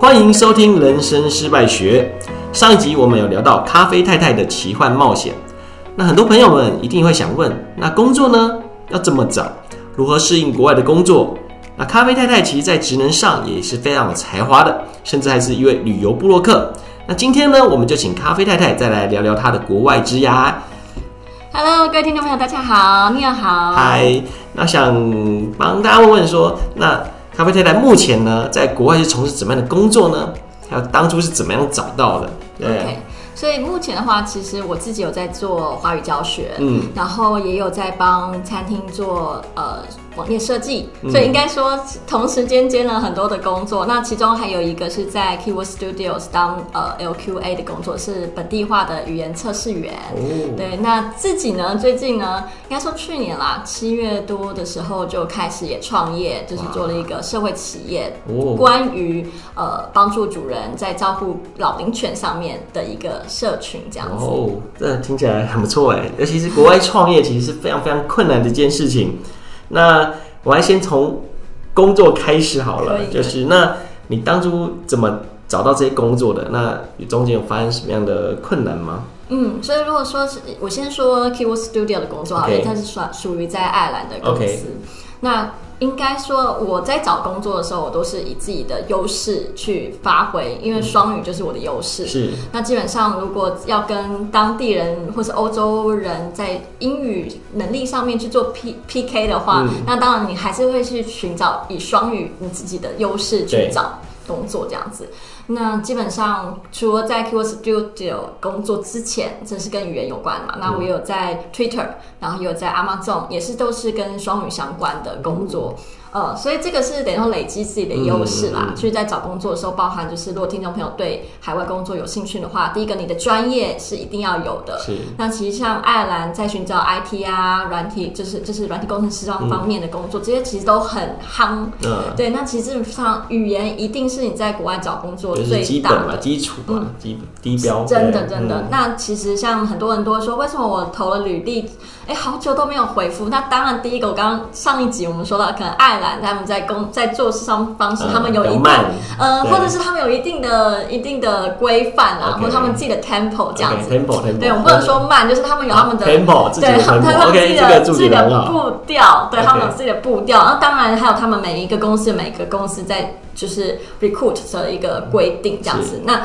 歡迎收聽《人生失敗學》。上一集我們有聊到咖啡太太的奇幻冒險。那很多朋友們一定會想問：那工作呢？要怎麼找？如何適應國外的工作？那咖啡太太其實，在職能上也是非常有才華的，甚至還是一位旅遊部落客。那今天呢，我們就請咖啡太太再來聊聊她的國外職涯。Hello，各位聽眾朋友，大家好，你好。嗨，那想幫大家問問說，那。咖啡太太目前呢，在國外是從事怎麼樣的工作呢？還有當初是怎麼樣找到的？對。Okay. 所以目前的話，其實我自己有在做華語教學，嗯，然後也有在幫餐廳做呃網頁設計，嗯、所以應該說同時間接了很多的工作。那其中還有一個是在 Keyword Studios 當呃 LQA 的工作，是本地化的語言測試員。哦、對，那自己呢，最近呢，應該說去年啦，七月多的時候就開始也創業，就是做了一個社會企業，關於、哦、呃幫助主人在照顧老齡犬上面的一個。社群這樣哦，這聽起來很不錯哎。尤其是國外創業，其實是非常非常困難的一件事情。那我還先從工作開始好了，了就是那你當初怎麼找到這些工作的？那你中間有發生什麼樣的困難嗎？嗯，所以如果說是我先說 Keyword Studio 的工作好了，Okay. 因為它是屬屬於在愛爾蘭的公司，Okay. 那。應該說，我在找工作的時候，我都是以自己的優勢去發揮，因為雙語就是我的優勢。是，那基本上如果要跟當地人或是歐洲人在英語能力上面去做 P、PK 的話，嗯、那當然你還是會去尋找以雙語你自己的優勢去找。工作這樣子，那基本上除了在 Q Studio 工作之前，這是跟語言有關的嘛。嗯、那我也有在 Twitter，然後也有在 Amazon，也是都是跟雙語相關的工作。嗯嗯、所以這個是等於說累積自己的優勢啦。所以，嗯嗯、在找工作的時候，包含就是，如果聽眾朋友對海外工作有興趣的話，第一個你的專業是一定要有的。是。那其實像愛爾蘭在尋找 IT 啊、軟體，就是就是軟體工程師這方面的工作，嗯、這些其實都很夯。嗯、對，那其實上語言一定是你在國外找工作最大的基礎嘛，基本、嗯，低標。真的真的。嗯、那其實像很多人都說，為什麼我投了履歷？哎，好久都沒有回復。那當然，第一個，我剛剛上一集我們說到，可能愛蘭他們在工，在做事上方式，他們有一定的，呃，或者是他們有一定的一定的規範啊，或他們自己的 tempo 這樣子。對，我們不能說慢，就是他們有他們的 tempo 自己的步調，對他們有自己的步調。那當然還有他們每一個公司，每個公司在就是 recruit 的一個規定這樣子。那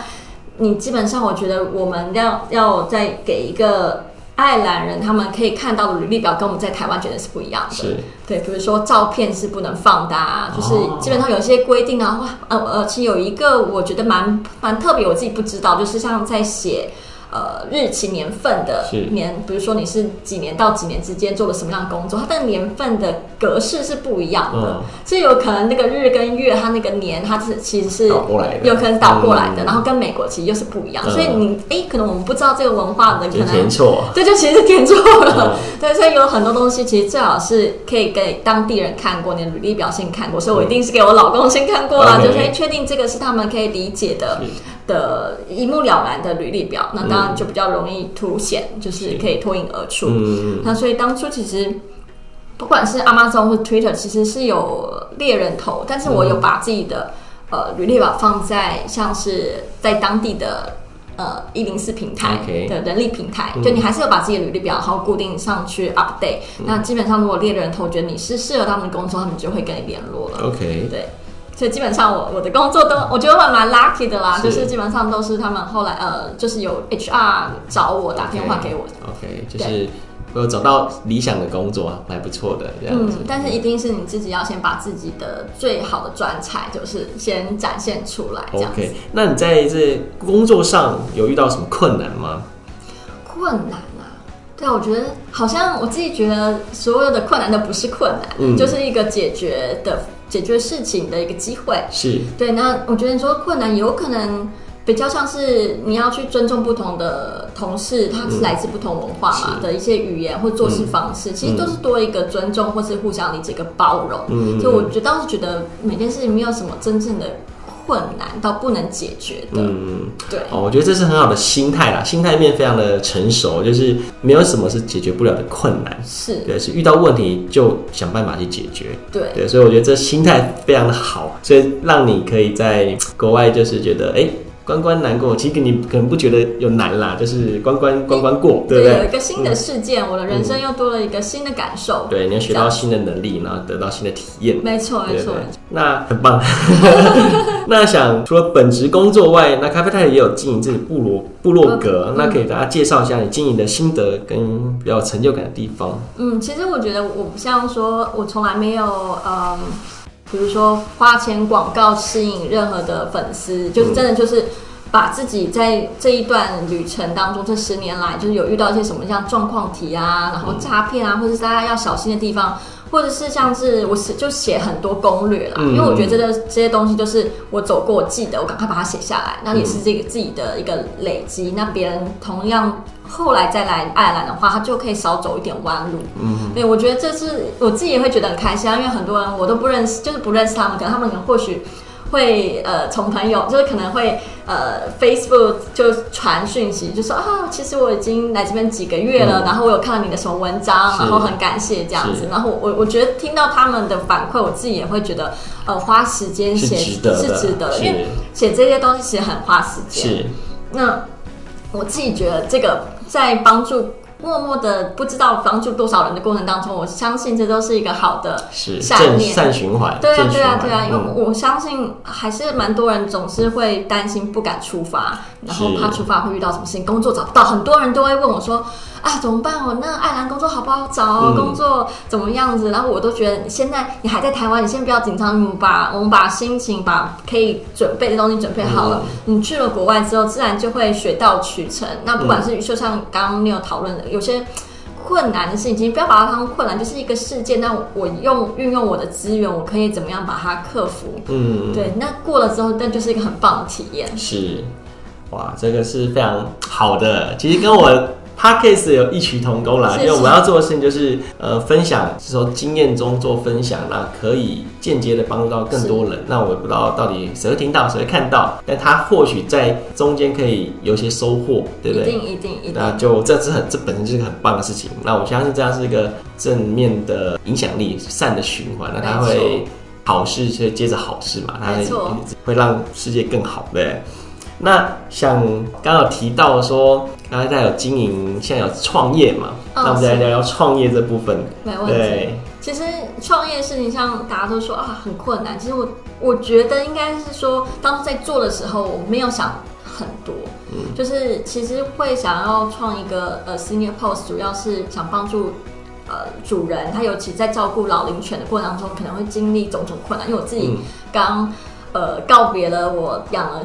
你基本上，我覺得我們要要再給一個。愛爾蘭人，他們可以看到的履歷表跟我們在台灣絕對是不一樣的。是對，比如說照片是不能放的，啊，就是基本上有些規定啊，哦、哇，呃，而且有一個我覺得蠻蠻特別，我自己不知道，就是像在寫。呃，日期年份的年，比如說你是幾年到幾年之間做了什麼樣的工作，它但年份的格式是不一樣的，所以有可能那個日跟月，它那個年，它是其實是有可能倒過來的，然後跟美國其實又是不一樣，所以你哎，可能我們不知道這個文化的可能，對，就其實是填錯了，對，所以有很多東西其實最好是可以給當地人看過，你的履歷表現看過，所以我一定是給我老公先看過了，就是確定這個是他們可以理解的。的一目了然的履歷表，那當然就比較容易凸顯，嗯、就是可以脫穎而出。嗯、那所以當初其實，不管是 Amazon 或 Twitter，其實是有獵人頭，但是我有把自己的、嗯、呃履歷表放在像是在當地的呃一零四平台的人力平台，okay, 就你還是要把自己的履歷表好固定上去 update、嗯。那基本上如果獵人頭覺得你是適合他們工作，他們就會跟你聯絡了。OK，對。所以基本上我，我我的工作都我覺得還蠻 lucky 的啦，是就是基本上都是他們後來呃，就是有 HR 找我 okay，打電話給我。OK，對就是我有找到理想的工作，蠻不錯的這樣子、嗯。但是一定是你自己要先把自己的最好的專才，就是先展現出來。OK，那你在這工作上有遇到什麼困難嗎？困難啊，對啊，我覺得好像我自己覺得所有的困難都不是困難，嗯、就是一個解決的。解決事情的一個機會。是。對，那我覺得你說困難有可能比較像是你要去尊重不同的同事，他是來自不同文化嘛的一些語言或做事方式，嗯嗯、其實都是多一個尊重或是互相理解，一個包容。嗯、所以我覺得當時覺得每件事情沒有什麼真正的。困難到不能解決的，嗯，對哦，我覺得這是很好的心態啦，心態面非常的成熟，就是沒有什麼是解決不了的困難，是，對，是遇到問題就想辦法去解決，對，對，所以我覺得這心態非常的好，所以讓你可以在國外就是覺得哎。欸關關難過，其實你可能不覺得有難啦，就是關關關關，關過，對不對，對？有一個新的事件，嗯、我的人生又多了一個新的感受。對，你要學到新的能力，然後得到新的體驗。沒錯，沒錯。那很棒。 那想除了本職工作外，那咖啡太太也有經營自己部落、部落格，呃、那可以給大家介紹一下你經營的心得跟比較有成就感的地方。嗯，其實我覺得我不像說，我從來沒有嗯。比如說花錢廣告吸引任何的粉絲，就是真的就是把自己在這一段旅程當中，這十年來就是有遇到一些什麼樣狀況題啊，然後詐騙啊，或者是大家要小心的地方。或者是像是我寫就寫很多攻略啦，因為我覺得這個這些東西都是我走過，我記得，我趕快把它寫下來。那也是這個自己的一個累積。那別人同樣後來再來愛爾蘭的話，他就可以少走一點彎路。對、嗯哼，我覺得這是我自己也會覺得很開心啊，因為很多人我都不認識，就是不認識他們，可能他們可能或許。會呃，從朋友就是可能會呃，Facebook 就傳訊息，就說啊，其實我已經來這邊幾個月了，嗯、然後我有看到你的什麼文章，是然後很感謝這樣子，是然後我我覺得聽到他們的反饋，我自己也會覺得呃，花時間寫是值得的是值得，因為寫這些東西其實很花時間。是，那我自己覺得這個在幫助。默默的不知道幫助多少人的過程當中，我相信這都是一個好的善念，是善循環。對啊，循對啊，對啊，對啊、嗯，因為我相信還是蠻多人總是會擔心不敢出發，然後怕出發會遇到什麼事情，是工作找不到，很多人都會問我說。啊，怎麼辦哦？那愛爾蘭工作好不好找，哦？嗯、工作怎麼樣子？然後我都覺得，你現在你還在台灣，你先不要緊張。你把我們把心情，把可以準備的東西準備好了。嗯、你去了國外之後，自然就會水到渠成。那不管是就像剛剛你有討論的，嗯、有些困難的事情，不要把它當成困難，就是一個事件。那我用運用我的資源，我可以怎麼樣把它克服？嗯，對。那過了之後，那就是一個很棒的體驗。是，哇，這個是非常好的。其實跟我。 Podcast 有異曲同工啦，是是因為我要做的事情就是呃分享，是從經驗中做分享，那可以間接的幫助到更多人。是那我也不知道到底誰會聽到，誰會看到，但他或許在中間可以有些收穫，對不對？一定一定一定。一定一定那就這是很這本身就是很棒的事情。那我相信這樣是一個正面的影響力，善的循環。那他會好事，沒錯。所以接着好事嘛，沒錯，會讓世界更好。對不對？那像剛剛提到的說。大家在有經營，現在有創業嘛？那我們再來聊聊創業這部分。哦、沒問題。對其實創業的事情像大家都說啊很困難。其實我我覺得應該是說，當時在做的時候，我沒有想很多，嗯、就是其實會想要創一個呃 Senior Post，主要是想幫助呃主人，他尤其在照顧老齡犬的過程中，可能會經歷種種困難。因為我自己剛、嗯、呃告別了我養了。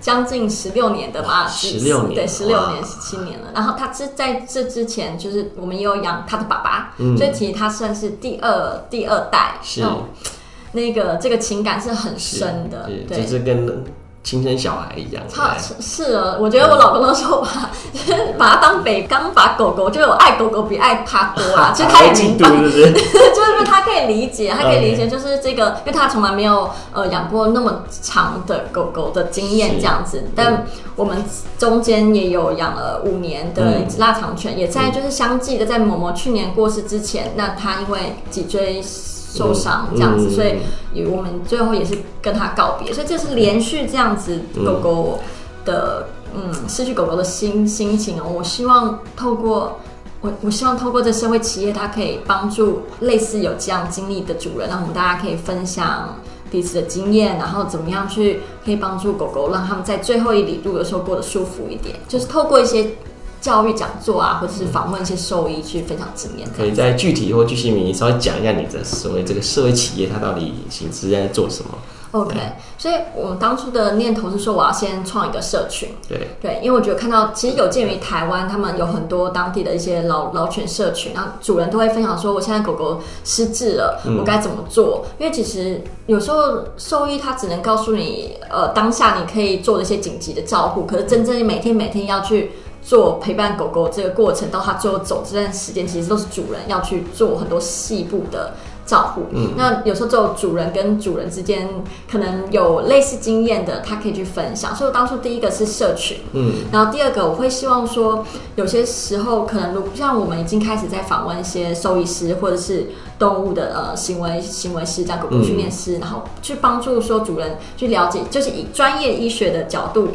將近十六年的吧，十六年，對，十六年，十七哇年了。然後他在這之前，就是我們也有養他的爸爸，嗯，所以其實他算是第二第二代，是那個這個情感是很深的，對，對，這是跟。親生小孩一樣、啊是，是啊，我覺得我老公那時候把、嗯、把他當北，剛把狗狗，就是愛狗狗比愛他多啊，其實、啊、他已經懂，啊、 就是說他可以理解，嗯、他可以理解，就是這個，因為他從來沒有呃養過那麼長的狗狗的經驗這樣子。嗯、但我們中間也有養了五年的臘腸犬，嗯、也在就是相繼的在某某去年過世之前，那他因為脊椎。受傷這樣子，嗯嗯嗯、所以我們最後也是跟他告別，所以這是連續這樣子狗狗的嗯，嗯失去狗狗的心心情哦、喔。我希望透過我，我希望透過這社會企業，它可以幫助類似有這樣經歷的主人，讓我們大家可以分享彼此的經驗，然後怎麼樣去可以幫助狗狗，讓他們在最後一里路的時候過得舒服一點，就是透過一些。教育講座啊，或者是訪問一些獸醫去分享經驗，嗯。可以在具體或具體名，稍微講一下你的所謂這個社會企業，它到底其實是在做什麼？OK，這樣。所以我們當初的念頭是說，我要先創一個社群。對對，因為我覺得看到其實有鑑於台灣，他們有很多當地的一些老老犬社群，然後主人都會分享說，我現在狗狗失智了，嗯，我該怎麼做？因為其實有時候獸醫它只能告訴你，呃，當下你可以做的一些緊急的照顧，可是真正你每天每天要去。做陪伴狗狗這個過程到它最後走這段時間，其實都是主人要去做很多細部的照顧。嗯，那有時候就主人跟主人之間可能有類似經驗的，他可以去分享。所以我當初第一個是社群，嗯，然後第二個我會希望說，有些時候可能如像我們已經開始在訪問一些獸醫師或者是動物的呃行為行為師像狗狗訓練師，嗯，然後去幫助說主人去了解，就是以專業醫學的角度。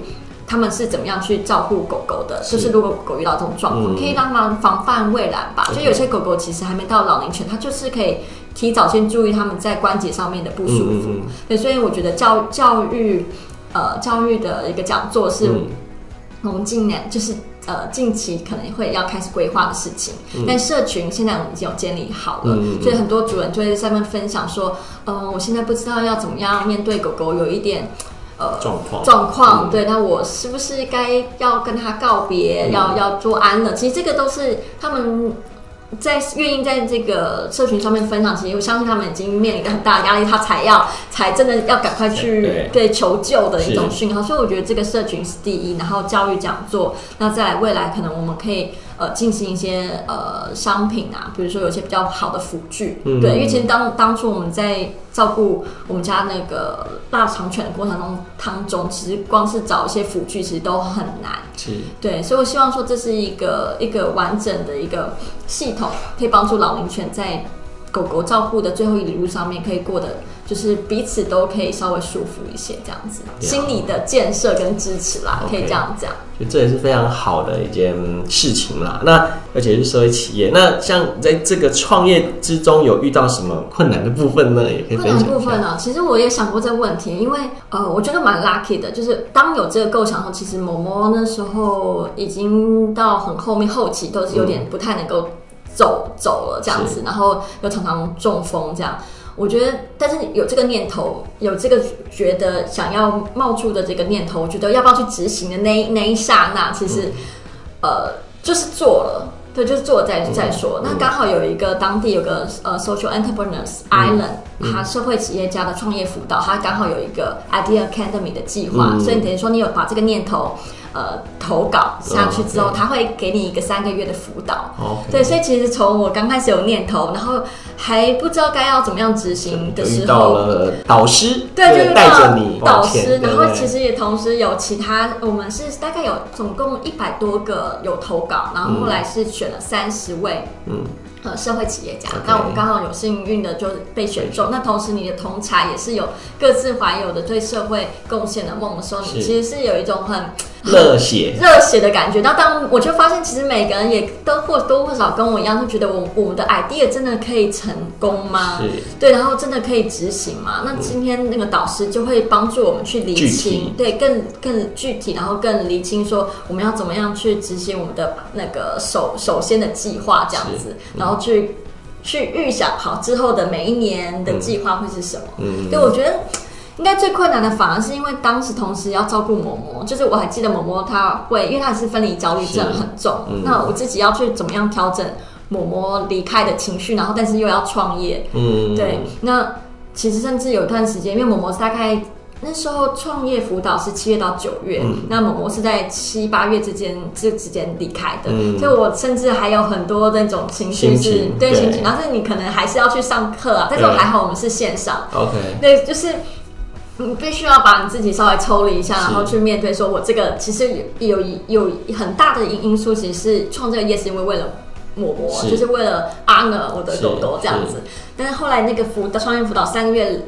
他們是怎麼樣去照顧狗狗的？是就是如果狗，狗遇到這種狀況，嗯、可以幫忙防範未然吧。嗯、就有些狗狗其實還沒到老齡犬，它、嗯、就是可以提早先注意它們在關節上面的不舒服。嗯嗯嗯、對，所以我覺得教教育，呃，教育的一個講座是，我們今年就是呃近期可能會要開始規劃的事情。嗯、但社群現在我們已經有建立好了，嗯嗯嗯、所以很多主人就會在上面分享說：“嗯、呃，我現在不知道要怎麼樣面對狗狗，有一點。”呃，狀況，狀況，對，那我是不是該要跟他告別，嗯、要要做安樂？其實這個都是他們在願意在這個社群上面分享。其實我相信他們已經面臨很大的壓力，他才要才真的要趕快去對，對,對求救的一種訊號。是。所以我覺得這個社群是第一，然後教育講座，那再來未來可能我們可以。呃，進行一些呃商品啊，比如說有些比較好的輔具，嗯嗯對，因為其實當當初我們在照顧我們家那個臘腸犬的過程當中，當中其實光是找一些輔具，其實都很難，是，對，所以我希望說這是一個一個完整的一個系統，可以幫助老齡犬在。狗狗照顧的最後一哩路上面，可以過得就是彼此都可以稍微舒服一些這樣子，心理的建設跟支持啦，Yeah. Okay. 可以這樣講。就這也是非常好的一件事情啦。那而且是社會企業。那像在這個創業之中，有遇到什麼困難的部分呢？也可以分享。困難的部分啊，其實我也想過這個問題，因為呃，我覺得蠻 lucky 的，就是當有這個構想後，其實某某那時候已經到很後面後期，都是有點不太能夠。走走了這樣子，是然後又常常中風這樣。我覺得，但是有這個念頭，有這個覺得想要冒出的這個念頭，我覺得要不要去執行的那那一剎那，其實、嗯、呃，就是做了，對，就是做了再、嗯、再說。嗯、那剛好有一個當地有個呃，Social Entrepreneurs Island，他、嗯、社會企業家的創業輔導，他剛好有一個 Idea Academy 的計劃，嗯、所以等於說你有把這個念頭。呃，投稿上去之後，他 Okay. 會給你一個三個月的輔導。Okay. 對，所以其實從我剛開始有念頭，然後。還不知道該要怎麼樣執行的時候，遇到了導師，對，就是導師，然後其實也同時有其他，我們是大概有總共一百多個有投稿，然後後來是選了三十位，嗯，社會企業家，那我們剛好有幸運的就被選中，那同時你的同儕也是有各自懷有的對社會貢獻的夢，說你其實是有一種很熱血熱血的感覺，那當我就發現其實每個人也都或多或少跟我一樣，就覺得我我們的 idea 真的可以成。成功嗎？是對，然後真的可以執行嗎？那今天那個導師就會幫助我們去理清，嗯、對，更更具體，然後更理清說我們要怎麼樣去執行我們的那個首首先的計劃這樣子，嗯、然後去去預想好之後的每一年的計劃會是什麼。嗯嗯、對，我覺得應該最困難的，反而是因為當時同時要照顧某某，就是我還記得某某他會，因為他也是分離焦慮症很重，嗯、那我自己要去怎麼樣調整？某某離開的情緒，然後但是又要創業，嗯，對。那其實甚至有一段時間，因為某某大概那時候創業輔導是七月到九月，嗯、那某某是在七八月之間就之間離開的，嗯、所以，我甚至還有很多那種情緒是，心情對情緒。但對是你可能還是要去上課啊，嗯、但是我還好我們是線上、嗯、，OK。對，就是你必須要把你自己稍微抽離一下，是然後去面對。說我這個其實有有有很大的因因素，其實是創這個業、yes, 是因為為了。我我是就是為了阿兒我的多多這樣子，是是但是後來那個輔導，創業輔導三個月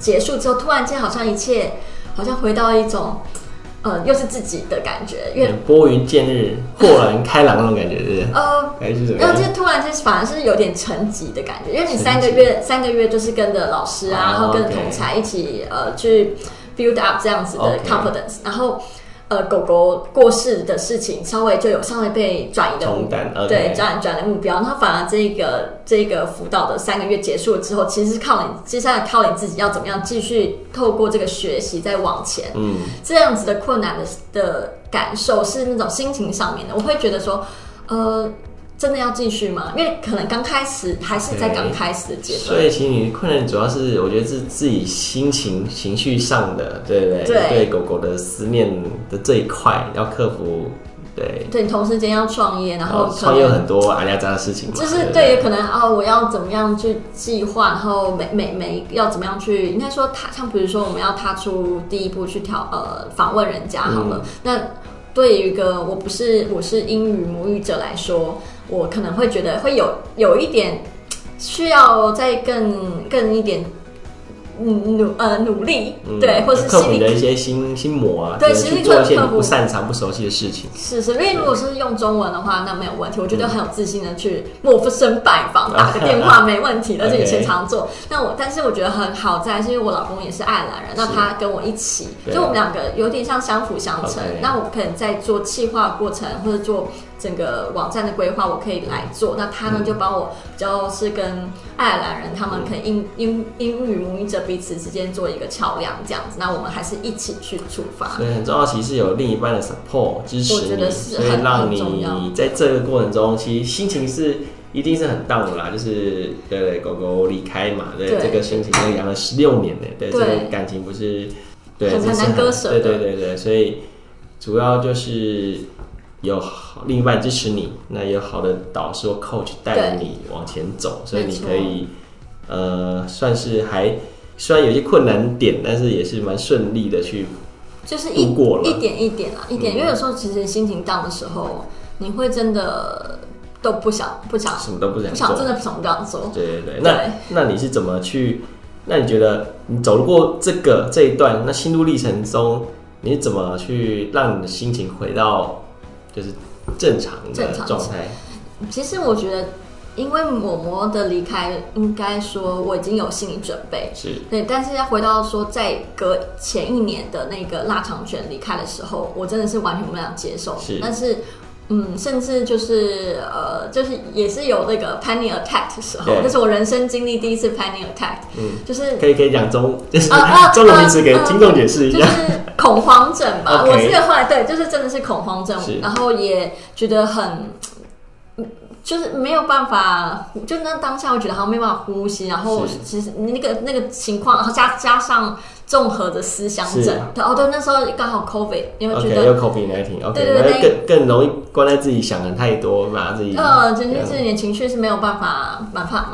結束之後，突然間好像一切好像回到一種，呃，又是自己的感覺，因為撥雲、嗯、見日，豁然開朗那種感覺，對，是呃，感覺是什麼？然後、呃、就突然間反而是有點沉寂的感覺，因為你三個月績三個月就是跟着老師啊，wow, okay. 然後跟同才一起呃去 build up 這樣子的 confidence 然後。呃，狗狗過世的事情，稍微就有稍微被轉移的擔對，Okay. 轉轉的目標，那反而這個這個輔導的三個月結束之後，其實是靠你接下來靠你自己要怎麼樣繼續透過這個學習再往前。嗯，這樣子的困難的的感受是那種心情上面的，我會覺得說，呃。真的要繼續嗎？因為可能剛開始還是在剛開始的階段，okay, 所以其實你困難主要是我覺得是自己心情情緒上的，對不對？對，對狗狗的思念的這一塊要克服，對對，你同時間要創業，然後創、哦、業很多啊呀扎的事情，就是對於可能啊，我要怎麼樣去計劃，然後每每每，每要怎麼樣去，應該說踏，像比如說我們要踏出第一步去挑呃訪問人家、嗯、好了。那對於一個我不是我是英語母語者來說，我可能會覺得會有有一點需要再更更一點。努呃努力，對，或是克服你的一些心心魔啊，對，其實你可能特不擅長、不熟悉的事情。是是，因為如果是用中文的話，那沒有問題。我覺得很有自信的去陌生拜訪，打個電話沒問題，而且以前常做。那我但是我覺得很好在，是因為我老公也是愛爾蘭人，那他跟我一起，就我們兩個有點像相輔相成。那我可能在做企劃過程或者做整個網站的規劃，我可以來做。那他呢就幫我，就是跟愛爾蘭人，他們可能英英英語母語者。彼此之間做一個橋樑，這樣子，那我們還是一起去出發。對，很重要，其實是有另一半的 support 支持你，所以讓你在這個過程中，嗯、其實心情是一定是很 down 的啦。就是對，對對，狗狗離開嘛，對，對這個心情，養了十六年呢，對，對這個感情不是，對，對是很，很難割捨。對對對對，所以主要就是有好另一半支持你，那有好的導師或 coach 帶着你往前走，對所以你可以錯呃，算是還。雖然有些困難點，但是也是蠻順利的去，就是一一點一點了、啊，一點。嗯、因為有時候其實心情 down 的時候，你會真的都不想不想，什麼都不想，不想真的不想這樣做。對對對，對那那你是怎麼去？那你覺得你走過這個這一段，那心路歷程中，你怎麼去讓你的心情回到就是正常的狀態？其實我覺得。因為嬤嬤的離開，應該說我已經有心理準備，是對。但是要回到說，在隔前一年的那個臘腸犬離開的時候，我真的是完全無法接受。是，但是，嗯，甚至就是，呃，就是也是有那個 panic attack 的時候，那對是我人生經歷第一次 panic attack，嗯，就是可以可以講、嗯、中，就是啊、中文名字給聽眾解釋一下、嗯嗯嗯，就是恐慌症吧。Okay 我是個後來對，就是真的是恐慌症，是然後也覺得很。就是沒有辦法，就那當下我覺得好像沒辦法呼吸，然後其實那個那個情況，然後加加上綜合的思想症，啊、對哦對，那時候剛好 COVID，因為覺得，對，有 COVID n i n e t 更更容易關在自己想的太多嘛，自己呃，就是自己、就是、情緒是沒有辦法，辦法，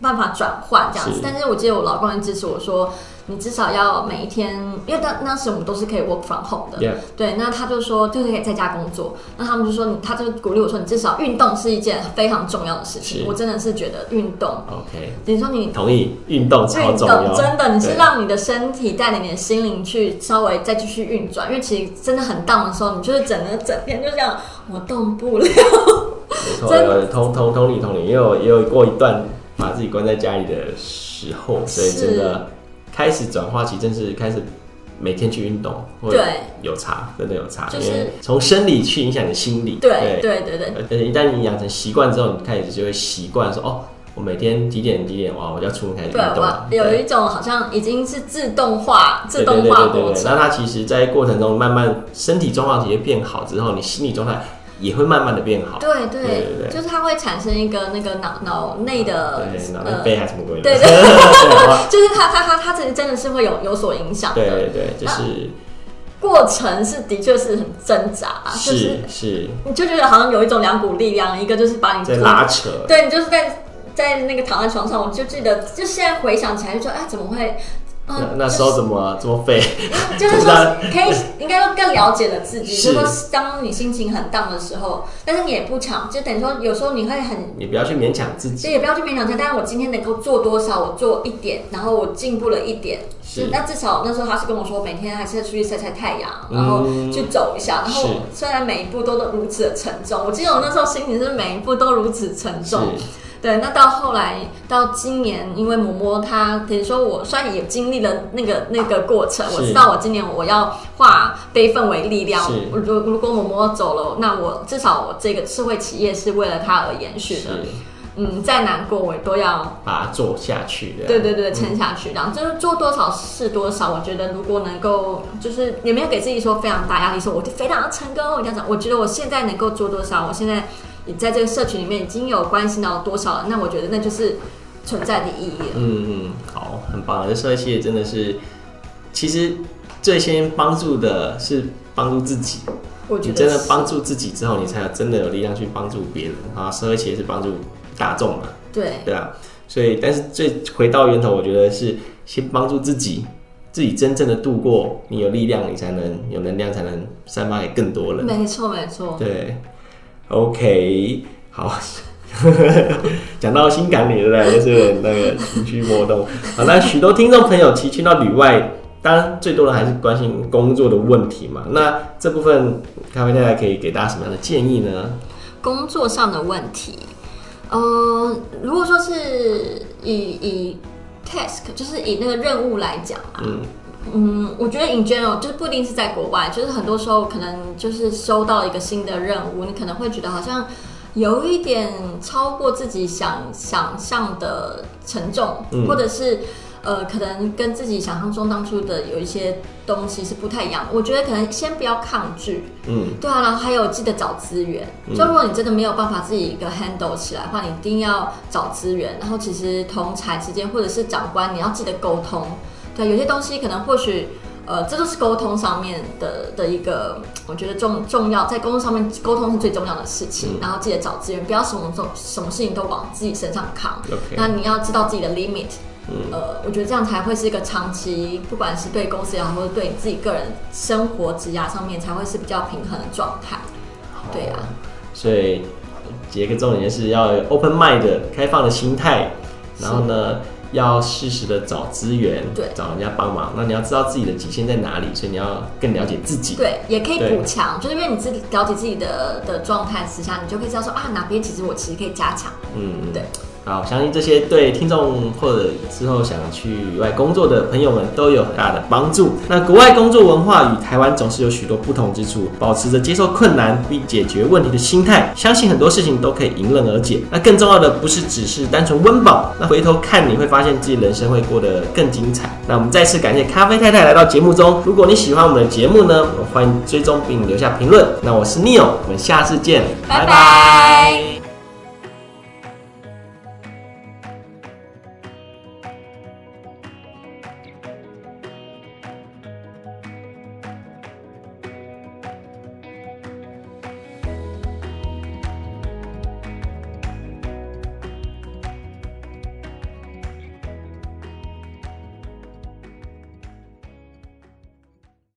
辦法轉換這樣子。是但是我記得我老公一直支持我說。你至少要每一天，因為當當時我們都是可以 work from home 的，Yeah. 對，那他就說就是可以在家工作，那他們就說他就鼓勵我說，你至少運動是一件非常重要的事情。是我真的是覺得運動，OK，你說你同意運動超重要，運動，真的，你是讓你的身體帶領你的心靈去稍微再繼續運轉，因為其實真的很 down 的時候，你就是整個整天就這樣，我動不了。沒錯錯，同同同理同理，因為也，也有過一段把自己關在家裡的時候，所以真的。開始轉化，其實真是開始每天去運動，會有差，對真的有差，就是從生理去影響你心理。對對，對對對，而且一旦你養成習慣之後，你開始就會習慣說，哦，我每天幾點幾點，幾點，哇，我就要出門開始運動，啊。對，對有一種好像已經是自動化、自動化的過程對對對對對，那它其實，在過程中慢慢身體狀況其實變好之後，你心理狀態，也會慢慢的變好。對，對對對，就是它會產生一個那個腦腦內的，腦內啡還是什麼鬼？對對，就是它它它它其實真的是會有有所影響的。對對對，就是、啊、過程是的確是很掙扎，是、就是，是是你就覺得好像有一種兩股力量，一個就是把你拉扯，對，你就是在在那個躺在床上，我就記得就現在回想起來就說，哎、啊，怎麼會？啊、嗯，那時候怎麼、啊就是、這麼廢、就是？就是說，可以應該說更了解了自己。 是就是，當你心情很盪的時候，但是你也不強，就等於說，有時候你會很。你不要去勉強自己。也不要去勉強自己。但是，我今天能夠做多少，我做一點，然後我進步了一點。是，是。那至少那時候他是跟我說，每天還是要出去晒晒太陽，然後去走一下。嗯、然後雖然每一步都都如此的沉重，是我記得我那時候心情是每一步都如此沉重。對，那到後來到今年，因為嬤嬤她，等於說，我雖然也經歷了那個那個過程，是我知道我今年我要化悲憤為力量。如是如果嬤嬤走了，那我至少我這個社會企業是為了她而延續的。是嗯，再難過我也都要把它做下去的。對對對，撐下去，嗯、然後就是做多少是多少。我覺得如果能夠，就是也沒有給自己說非常大壓力，說我就非常要成功。我覺得我現在能夠做多少，我現在。你在這個社群裡面已經有關心到多少了？那我覺得那就是存在的意義了。嗯嗯，好，很棒啊！這社會企業真的是，其實最先幫助的是幫助自己。我覺得，你真的幫助自己之後，你才有真的有力量去幫助別人啊！然後社會企業是幫助大眾嘛？對對啊。所以，但是最回到源頭，我覺得是先幫助自己，自己真正的度過，你有力量，你才能有能量，才能散發給更多人。沒錯，沒錯，對。OK，好，講到心感裡對 不對？就是那個情緒波動。好，那許多聽眾朋友提訊到旅外，當然最多的還是關心工作的問題嘛。那這部分咖啡太太可以給大家什麼樣的建議呢？工作上的問題，嗯、呃，如果說是以以 task，就是以那個任務來講嘛、啊。嗯嗯，我覺得 in general 哦，就是不一定是在國外，就是很多時候可能就是收到一個新的任務，你可能會覺得好像有一點超過自己想想象的沉重，嗯、或者是呃，可能跟自己想象中當初的有一些東西是不太一樣。我覺得可能先不要抗拒，嗯，對啊，然後還有記得找資源。嗯、就如果你真的沒有辦法自己一個 handle 起來的話，你一定要找資源。然後其實同儕之間或者是長官，你要記得溝通。對，有些東西可能或許，呃，這都是溝通上面的的一個，我覺得重重要，在溝通上面，溝通是最重要的事情。嗯、然後記得找資源，不要什麼做什麼事情都往自己身上扛。Okay, 那你要知道自己的 limit，嗯、呃、我覺得這樣才會是一個長期，不管是對公司也好，或者對你自己個人生活、職業上面，才會是比較平衡的狀態。哦、對呀、啊，所以，結個重點是要有 open mind，開放的心態。然後呢？要適時的找資源，對，找人家幫忙。那你要知道自己的極限在哪裡，所以你要更了解自己。對，也可以補強，對就是因為你自己了解自己的的狀態、思想，你就可以知道說啊，哪邊其實我其實可以加強。嗯，對。啊，我相信這些對聽眾或者之後想去國外工作的朋友們都有很大的幫助。那國外工作文化與台灣總是有許多不同之處，保持着接受困難並解決問題的心態，相信很多事情都可以迎刃而解。那更重要的不是只是單純溫飽，那回頭看你會發現自己人生會過得更精彩。那我們再次感謝咖啡太太來到節目中。如果你喜歡我們的節目呢，我們歡迎追蹤並留下評論。那我是 Neil，我們下次見，拜拜。